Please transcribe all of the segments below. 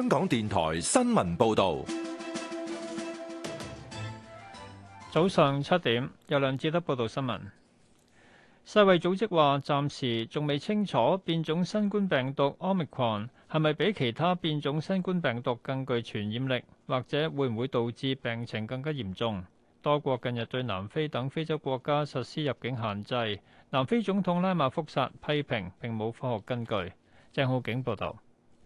香港電台新聞報道，早上七點，有梁志德報道新聞。世衛組織話，暫時仲未清楚變種新冠病毒 Omicron 係咪比其他變種新冠病毒更具傳染力，或者會唔會導致病情更加嚴重。多國近日對南非等非洲國家實施入境限制。南非總統拉馬福薩批評，並冇科學根據。鄭浩景報道。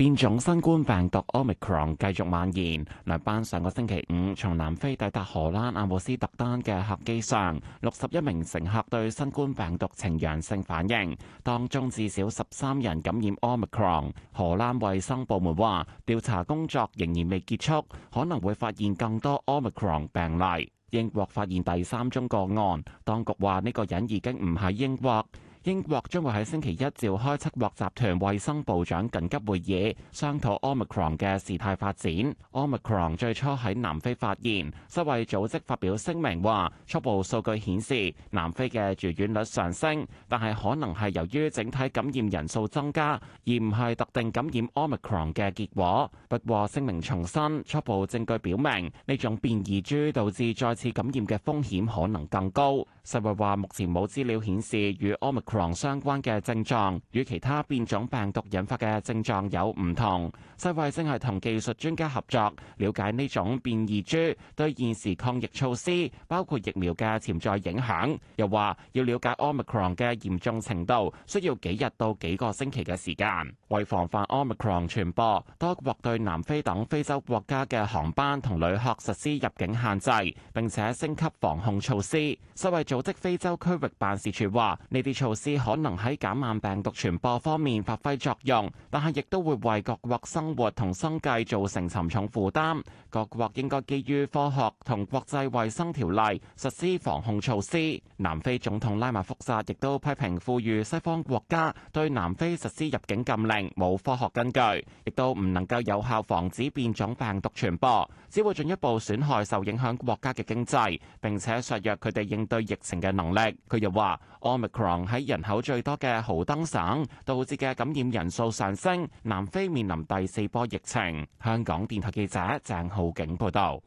變種新冠病毒 Omicron 繼續蔓延。兩班上個星期五從南非抵達荷蘭阿姆斯特丹嘅客機上，六十一名乘客對新冠病毒呈陽性反應，當中至少十三人感染 Omicron。荷蘭衛生部門話，調查工作仍然未結束，可能會發現更多 Omicron 病例。英國發現第三宗個案，當局話呢個人已經唔喺英國。英國將會喺星期一召開七國集團衛生部長緊急會議，商討 Omicron 嘅事態發展。Omicron 最初喺南非發現，世衛組織發表聲明話，初步數據顯示南非嘅住院率上升，但係可能係由於整體感染人數增加，而唔係特定感染 Omicron 嘅結果。不過聲明重申，初步證據表明呢種變異株導致再次感染嘅風險可能更高。世衛話目前冇資料顯示與 Omicron 相關嘅症狀與其他變種病毒引發嘅症狀有唔同。世衛正係同技術專家合作，了解呢種變異株對現時抗疫措施，包括疫苗嘅潛在影響。又話要了解 Omicron 嘅嚴重程度，需要幾日到幾個星期嘅時間。為防範 Omicron 傳播，多國對南非等非洲國家嘅航班同旅客實施入境限制，並且升級防控措施。世衛組織非洲區域辦事處話：呢啲措施，可能喺減慢病毒傳播方面發揮作用，但係亦都會為各國生活同生計造成沉重負擔。各國應該基於科學同國際衛生條例實施防控措施。南非總統拉馬福薩亦都批評，呼籲西方國家對南非實施入境禁令冇科學根據，亦都唔能夠有效防止變種病毒傳播，只會進一步損害受影響國家嘅經濟，並且削弱佢哋應對疫情嘅能力。佢又話：Omicron 喺人口最多嘅豪登省導致嘅感染人數上升，南非面臨第四波疫情。香港電台記者鄭浩景報道，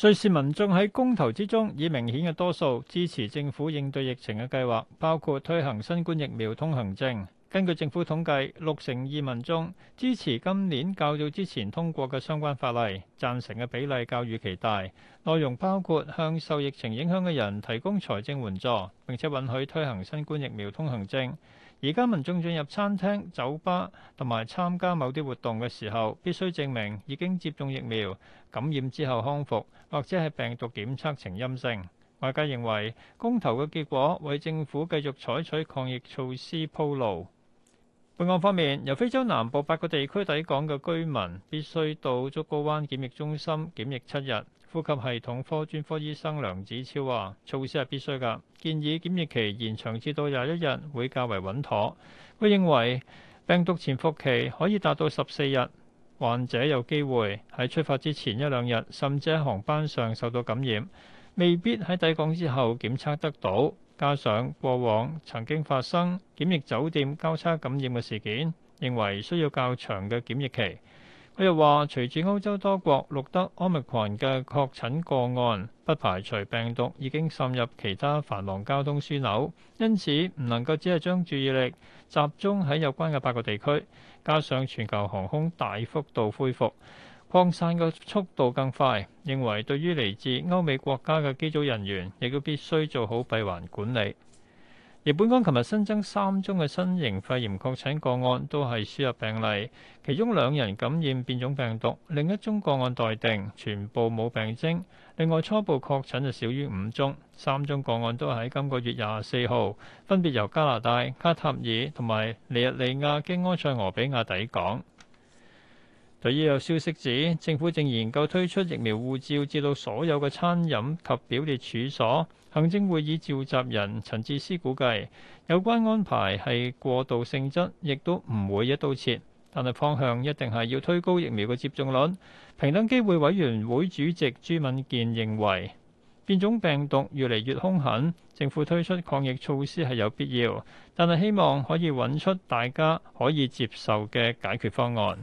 瑞士民眾喺公投之中以明顯嘅多數支持政府應對疫情嘅計劃，包括推行新冠疫苗通行證。根據政府統計，六成二民眾支持今年較早之前通過嘅相關法例，贊成嘅比例較預期大。內容包括向受疫情影響嘅人提供財政援助，並且允許推行新冠疫苗通行證。而家民眾進入餐廳、酒吧同埋參加某啲活動嘅時候，必須證明已經接種疫苗、感染之後康復，或者係病毒檢測呈陰性。外界認為，公投嘅結果為政府繼續採取抗疫措施鋪路。本港方面，由非洲南部八個地區抵港嘅居民必須到竹篙灣檢疫中心檢疫七日。呼吸系統科專科醫生梁子超話，措施係必須噶建議檢疫期延長至到廿一日會較為穩妥。佢認為病毒潛伏期可以達到十四日，患者有機會喺出發之前一兩日甚至喺航班上受到感染，未必喺抵港之後檢測得到。加上過往曾經發生檢疫酒店交叉感染嘅事件，認為需要較長嘅檢疫期。佢又話，隨住歐洲多國錄得奧密克戎嘅確診個案，不排除病毒已經滲入其他繁忙交通樞紐，因此唔能夠只係將注意力集中喺有關嘅八個地區，加上全球航空大幅度恢復。擴散嘅速度更快，認為對於嚟自歐美國家嘅機組人員，亦都必須做好閉環管理。而本港琴日新增三宗嘅新型肺炎確診個案，都係輸入病例，其中兩人感染變種病毒，另一宗個案待定，全部冇病徵。另外初步確診就少於五宗，三宗個案都喺今個月廿四號，分別由加拿大、卡塔爾同埋尼日利亞經埃塞俄比亞抵港。對於有消息指，政府正研究推出疫苗護照，至到所有嘅餐飲及表列處所。行政會議召集人陳智思估計，有關安排係過渡性質，亦都唔會一刀切，但係方向一定係要推高疫苗嘅接種率。平等機會委員會主席朱敏健認為，變種病毒越嚟越兇狠，政府推出抗疫措施係有必要，但係希望可以揾出大家可以接受嘅解決方案。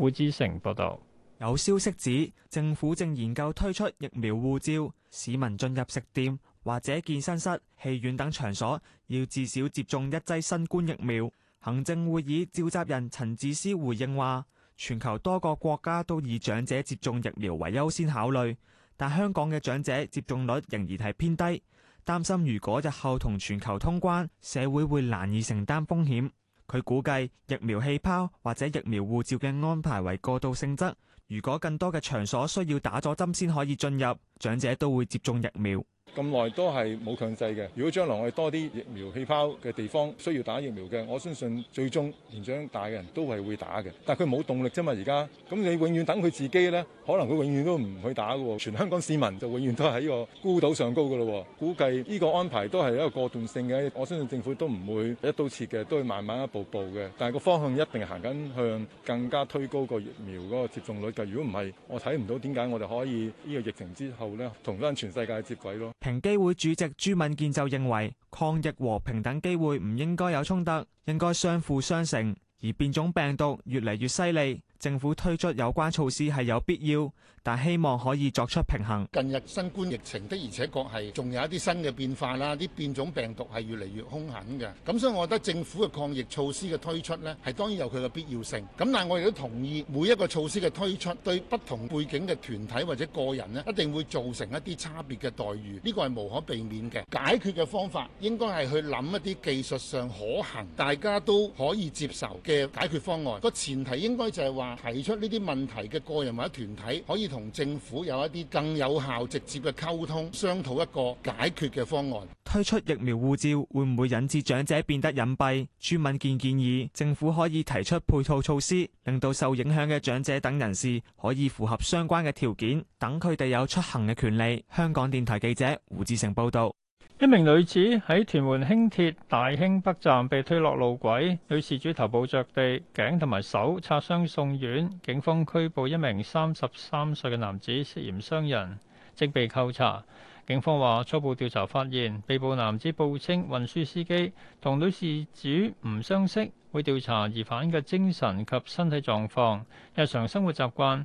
富之城報道，有消息指政府正研究推出疫苗護照，市民進入食店或者健身室、戲院等場所，要至少接種一劑新冠疫苗。行政會議召集人陳智思回應話，全球多個國家都以長者接種疫苗為優先考慮，但香港嘅長者接種率仍然係偏低，擔心如果日後同全球通關，社會會難以承擔風險。佢估計疫苗氣泡或者疫苗護照嘅安排為過渡性質，如果更多嘅場所需要打咗針先可以進入，長者都會接種疫苗。咁耐都係冇強制嘅。如果將來我哋多啲疫苗氣泡嘅地方需要打疫苗嘅，我相信最終年長大嘅人都係會打嘅。但佢冇動力啫嘛，而家咁你永遠等佢自己呢？可能佢永遠都唔會打喎。全香港市民就永遠都係喺個孤島上高㗎喇喎。估計呢個安排都係一個過渡性嘅，我相信政府都唔會一刀切嘅，都會慢慢一步步嘅。但係個方向一定行緊向更加推高個疫苗嗰個接種率嘅。如果唔係，我睇唔到點解我哋可以呢個疫情之後呢同返全世界接軌咯。平機會主席朱敏健就認為，抗疫和平等機會唔應該有衝突，應該相輔相成，而變種病毒越來越犀利。政府推出有關措施係有必要，但希望可以作出平衡。近日新冠疫情的而且確係仲有一啲新嘅變化啦，啲變種病毒係越嚟越兇狠嘅。咁所以，我覺得政府嘅抗疫措施嘅推出呢，係當然有佢嘅必要性。咁但係我亦都同意，每一個措施嘅推出對不同背景嘅團體或者個人呢，一定會造成一啲差別嘅待遇。呢個係無可避免嘅。解決嘅方法應該係去諗一啲技術上可行、大家都可以接受嘅解決方案。個前提應該就係話，提出呢啲問題嘅個人或者團體，可以同政府有一啲更有效直接嘅溝通，商討一個解決嘅方案。推出疫苗護照會唔會引致長者變得隱蔽？朱敏健建議政府可以提出配套措施，令到受影響嘅長者等人士可以符合相關嘅條件，等佢哋有出行嘅權利。香港電台記者胡志成報導。一名女子喺屯門輕鐵大興北站被推落路軌，女事主頭部着地，頸同埋手擦傷送院。警方拘捕一名三十三歲嘅男子，涉嫌傷人，即被扣查。警方話初步調查發現，被捕男子報稱運輸司機同女事主唔相識，會調查疑犯嘅精神及身體狀況、日常生活習慣。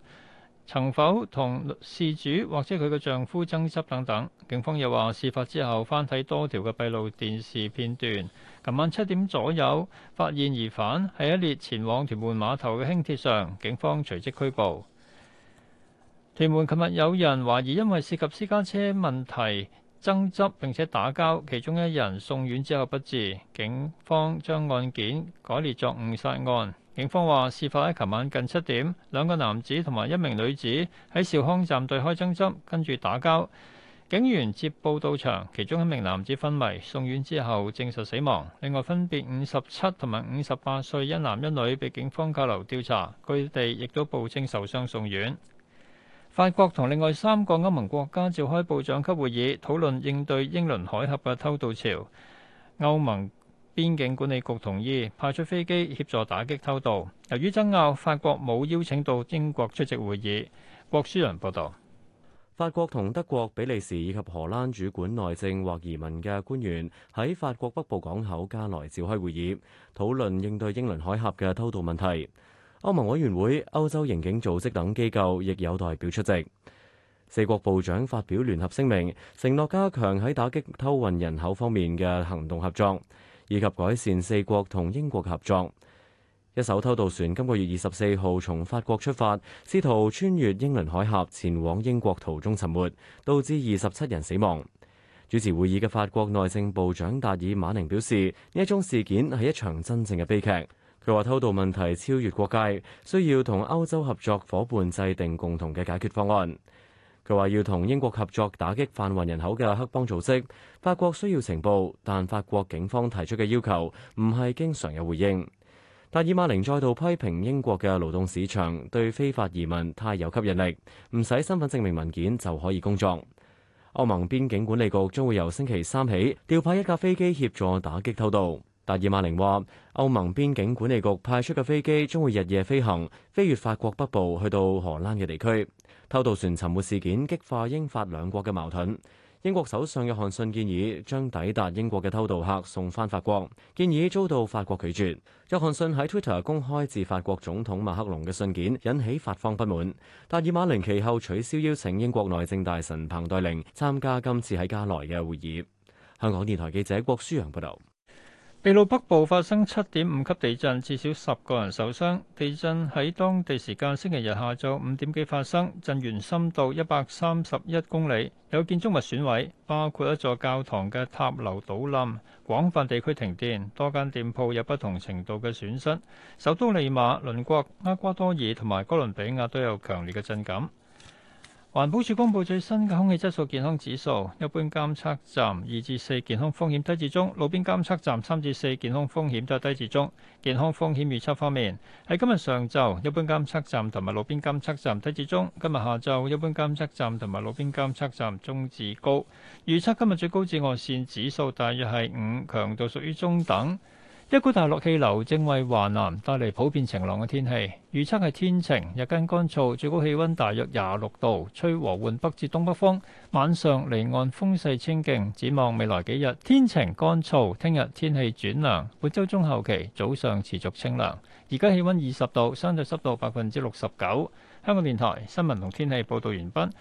曾否同事主或者佢嘅丈夫爭執等等？警方又話事發之後翻睇多條嘅閉路電視片段，琴晚七點左右發現疑犯喺一列前往屯門碼頭嘅輕鐵上，警方隨即拘捕。屯門琴日有人懷疑因為涉及私家車問題爭執並且打交，其中一人送院之後不治，警方將案件改列作誤殺案。警方話，事發喺琴晚近七點，兩個男子同埋一名女子喺兆康站對開爭執，跟住打交。警員接報到場，其中一名男子昏迷，送院之後證實死亡。另外分別五十七同埋五十八歲一男一女被警方扣留調查，佢哋亦都報稱受傷送院。法國同另外三個歐盟國家召開部長級會議，討論應對英倫海峽嘅偷渡潮。歐盟邊境管理局同意派出飛機協助打擊偷渡。由於爭拗，法國冇邀請到英國出席會議。郭書人報道：法國同德國、比利時以及荷蘭主管內政或移民嘅官員喺法國北部港口加萊召開會議，討論應對英倫海峽嘅偷渡問題。歐盟委員會、歐洲刑警組織等機構亦有代表出席。四國部長發表聯合聲明，承諾加強喺打擊偷運人口方面嘅行動合作。以及改善四國同英國嘅合作。一艘偷渡船今個月二十四號從法國出發，試圖穿越英倫海峽前往英國，途中沉沒，導致二十七人死亡。主持會議嘅法國內政部長達爾馬寧表示，呢一宗事件係一場真正嘅悲劇。佢話偷渡問題超越國界，需要同歐洲合作伙伴制定共同嘅解決方案。佢話要同英國合作打擊販運人口嘅黑幫組織，法國需要情報，但法國警方提出嘅要求唔係經常有回應。達爾馬寧再度批評英國嘅勞動市場對非法移民太有吸引力，唔使身份證明文件就可以工作。歐盟邊境管理局將會由星期三起調派一架飛機協助打擊偷渡。達爾馬寧話，歐盟邊境管理局派出嘅飛機將會日夜飛行，飛越法國北部去到荷蘭嘅地區。偷渡船沉沒事件激化英法兩國嘅矛盾。英國首相約翰遜建議將抵達英國嘅偷渡客送翻法國，建議遭到法國拒絕。約翰遜喺 Twitter 公開致法國總統馬克龍嘅信件，引起法方不滿。達爾馬寧其後取消邀請英國內政大臣彭黛玲參加今次喺加來嘅會議。香港電台記者郭舒揚報道。秘魯北部發生七點五級地震，至少十個人受傷。地震喺當地時間星期日下晝五點幾發生，震源深度一百三十一公里，有建築物損毀，包括一座教堂嘅塔樓倒冧，廣泛地區停電，多間店鋪有不同程度嘅損失。首都利馬、鄰國厄瓜多爾同埋哥倫比亞都有強烈嘅震感。環保署公布最新嘅空氣質素健康指數，一般監測站二至四健康風險低至中，路邊監測站三至四健康風險都係低至中。健康風險預測方面，喺今日上晝，一般監測站同埋路邊監測站低至中；今日下晝，一般監測站同埋路邊監測站中至高。預測今日最高紫外線指數大約係五，強度屬於中等。一股大陸氣流正為華南帶嚟普遍晴朗嘅天氣，預測係天晴，日間乾燥，最高氣温大約廿六度，吹和緩北至東北風。晚上離岸風勢清勁，展望未來幾日天晴乾燥，聽日天氣轉涼，本周中後期早上持續清涼。而家氣温二十度，相對濕度百分之六十九。香港電台新聞同天氣報導完畢。